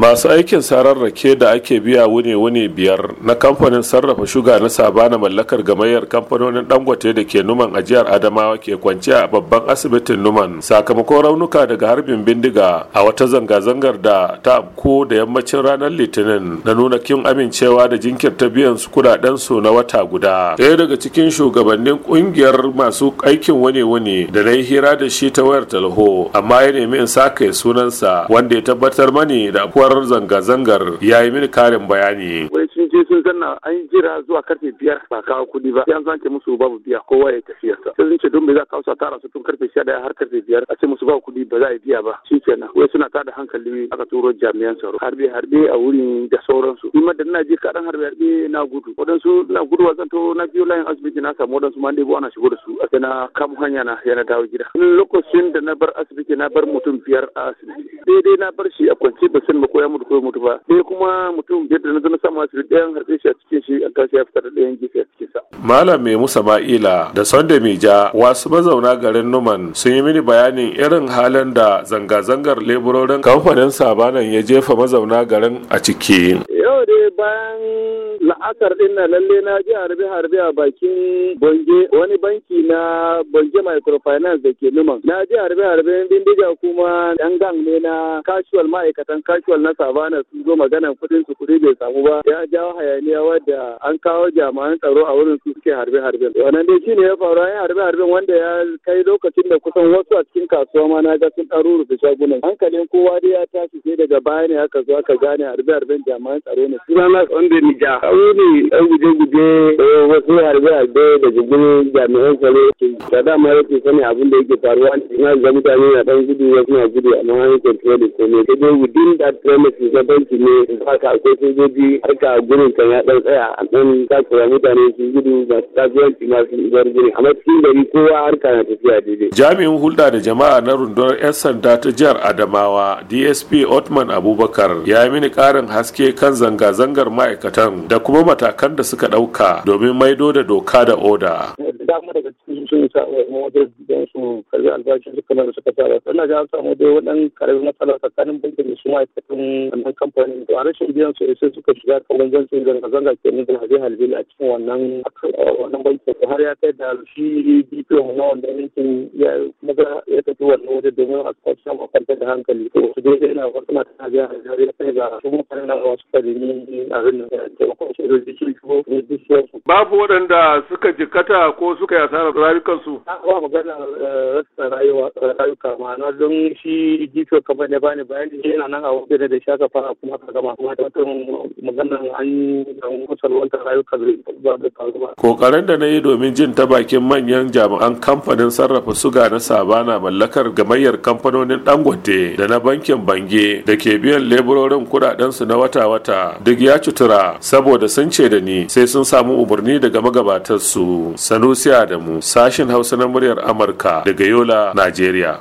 masu aikin sarar rake da ake biya wune-wune biyar na kamfanin sarrafa shuga na sabana mallakar gamayyar kamfanonin dangote da ke numan ajiyar adamawa ke kwanciya a babban asibitin numan sakamakon raunuka daga harbin bindiga a wata zanga-zangar da ta abko da yammacin ranar litinin na nuna kin amincewa da jinkirta biyan su kudaden su na wata guda daya daga cikin shugabannin kungiyar masu aikin wune-wune da na yi hira da shi ta wayar talho amma ya nemi in sa sunansa wanda ya tabbatar mani da manufar zanga-zangar ya yi mini karin bayani. Wai sun je sun zanna an jira zuwa karfe biyar ba kawo kuɗi ba. Yan zanke musu babu biya kowa ya tafiya sa. sun ce don bai za kawo sa tara su tun karfe sha daya har karfe biyar a ce musu babu kuɗi ba za a biya ba. Shi kenan wai suna tada hankali aka turo jami'an tsaro. Harbe-harbe a wurin da sauransu. Ni ma da na je kaɗan harbe-harbe na gudu. Waɗansu na gudu zan zanto na biyo layin asibiti na samu waɗansu ma bu ana shigo da su. A na kamo hanya na yana dawo gida. Lokacin da na bar asibiti na bar mutum biyar a asibiti. sai dai na bar shi a kwance ba san ko ya mutu ko ya mutu ba sai kuma mutum biyar da na zama sama da ɗayan harshe shi a cikin shi an kashi ya fitar da ɗayan gefe a cikin sa. Malam musa Sama'ila da mai ja wasu mazauna garin Numan sun yi mini bayanin irin halin da zanga-zangar leburorin kamfanin Sabanan ya jefa mazauna garin a ciki. bayan la'akar din na lalle na ji harbe harbe a bakin bonge wani banki na bonge microfinance da ke numan na ji harbe harbe bindiga kuma yan gang ne na casual ma'aikatan casual na savana sun zo magana kudin su kudi bai samu ba ya jawo hayaniya wadda an kawo jami'an tsaro a wurin su suke harbe harbe wannan dai shine ya faru an harbe harbe wanda ya kai lokacin da kusan wasu a cikin kasuwa ma na ga sun ɗaruru da shagunan hankalin kowa dai ya tashi sai daga baya ne aka zo aka gane harbe harben jami'an tsaro ne sunana Sunday Mija. Kawo ne ɗan guje-guje eh, wasu harbe-harbe da gugun jami'an tsaro. Da dama yake sani abin da yake faruwa. Ina ga mutane na ɗan gudu wasu na gudu amma an yi da komai. Ta dai within that premises na banki ne haka akwai sojoji harka gurin kan ya ɗan tsaya a ɗan takura mutane sun gudu masu kasuwanci masu ibar gurin. Amma cikin gari kowa harka na tafiya daidai. Jami'in hulɗa da jama'a na rundunar 'yan sanda ta jihar Adamawa DSP Otman Abubakar ya yi mini ƙarin haske kan zanga-zanga zangar ma'aikatan da kuma matakan da suka ɗauka domin maido da doka da oda. damu daga cikin sun sa wa wajen don su karbi albashin su kamar suka saba sannan ga samu dai wadan karamin matsala tsakanin bankin da su ma'aikatan wannan kamfani to a rashin biyan su sai suka shiga kamar jan su zanga zanga ke nuna hajji halbi a cikin wannan wannan bankin har ya kai da shi bidiyon na wannan yankin ya maza ya tafi wannan wajen domin a kwanta a kwanta da hankali to su dai ina wasu mata hajji halbili ya kai ga su mutane na wasu karimi a rinna da taimakon shi da shi ko Babu waɗanda suka jikata ko suka yi asarar rayukansu. Na kuma magana eh, rasa rayuka ma'ana don shi gifo kamar ne bani bayani yana nan a wajen da shaka fara kuma ka gama kuma da wata magana an yi wata rayuka ba da faruwa. Kokarin da na yi domin jin ta bakin manyan jami'an kamfanin sarrafa suga na sabana mallakar gamayyar kamfanonin dangote da na bankin bange da ke biyan leburorin su na wata-wata duk ya cutura saboda sun ce da ni sai sun samu umarni daga magabatar su Sanusi da Adamu, sashin Hausa na muryar Amurka daga Yola, Najeriya.